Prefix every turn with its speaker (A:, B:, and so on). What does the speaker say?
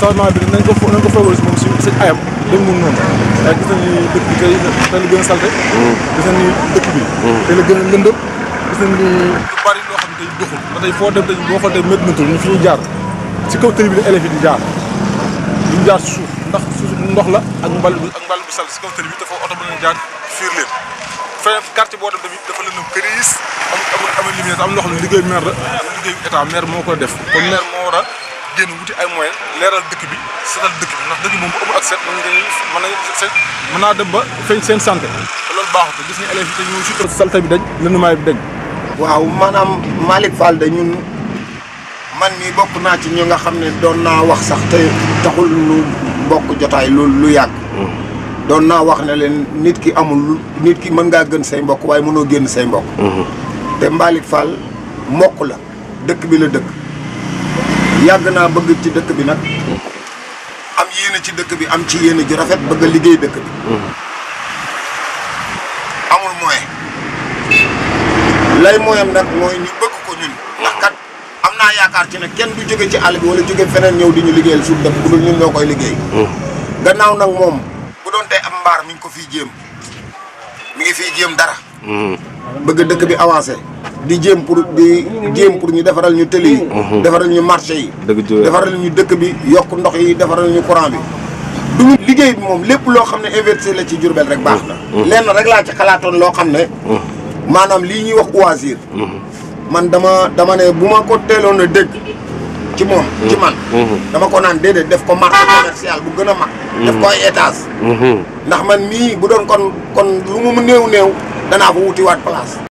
A: changement bi nañ ko nañ ko foogal si moom si si ayam dañ mun noonu waaye gis nañu dëkk bi tey tey la gën a salte mm. mm. lu bari loo xam ne ba tey foo dem tey boo xoolee ñu fi jaar si kaw tëri bi di jaar ñu jaar suuf ndax suuf ndox la ak mbal ak mbal bu sal si kaw tëri bi dafa oto mën a jaar fiir leen feneen quartier boo dem tamit dafa lëndëm këriis am amul amul liggéey maire la liggéey état moo ko def kon maire moo war génn wuti ay moyens leeral dëkk bi setal dëkk bi ndax dëkk bi moom bu amul ak set mën nañu mën naa dem ba feeñ seen santé te loolu baaxut gis nga élèves
B: yi te salte bi dañ lëndamaay bi dañ waaw maanaam Malick Fall da ñun man mii bokk naa ci ñu nga xam ne doon naa wax sax te taxul lu mbokk jotaay lu lu yàgg mm-hmm. doon naa wax ne leen nit ki amul nit ki mën ngaa gën say mbokk waaye mënoo génn say mbokk mm-hmm. te Malick Fall mokk la dëkk bi la dëkk yàgg naa bëgg ci dëkk bi nag am yéene ci dëkk bi am ci yéene ju rafet bëgg a liggéey dëkk bi amul moyen lay moyen nag mooy ñu bëgg ko ñun ndax kat am naa yaakaar ci ne kenn du jóge ci àll bi wala jóge feneen ñëw di ñu liggéeyal suuf dëkk bu ñun ñoo koy liggéey gannaaw nag moom bu doon tey am mbaar mi ngi ko fi jéem mu ngi fi jéem dara mm. bëgg dëkk bi avancé di jéem pour di jéem pour ñu defaral ñu tëli yi mhm. defaral ñu marché yi defaral ñu dëkk bi yokk ndox yi defaral ñu courant bi du ñu liggéey moom lépp loo xam ne investir la ci Jurbel rek baax na mhm. leen rek laa ci xalaatoon loo xam ne mhm. maanaam lii ñuy wax Oisir man dama dama ne bu ma ko teeloon a dégg ci moom ci man dama ko naan déedéet def ko marché commercial bu gën a mag def ko ay étage ndax man mii bu doon kon kon lu mu néew néew danaa ko wutiwaat place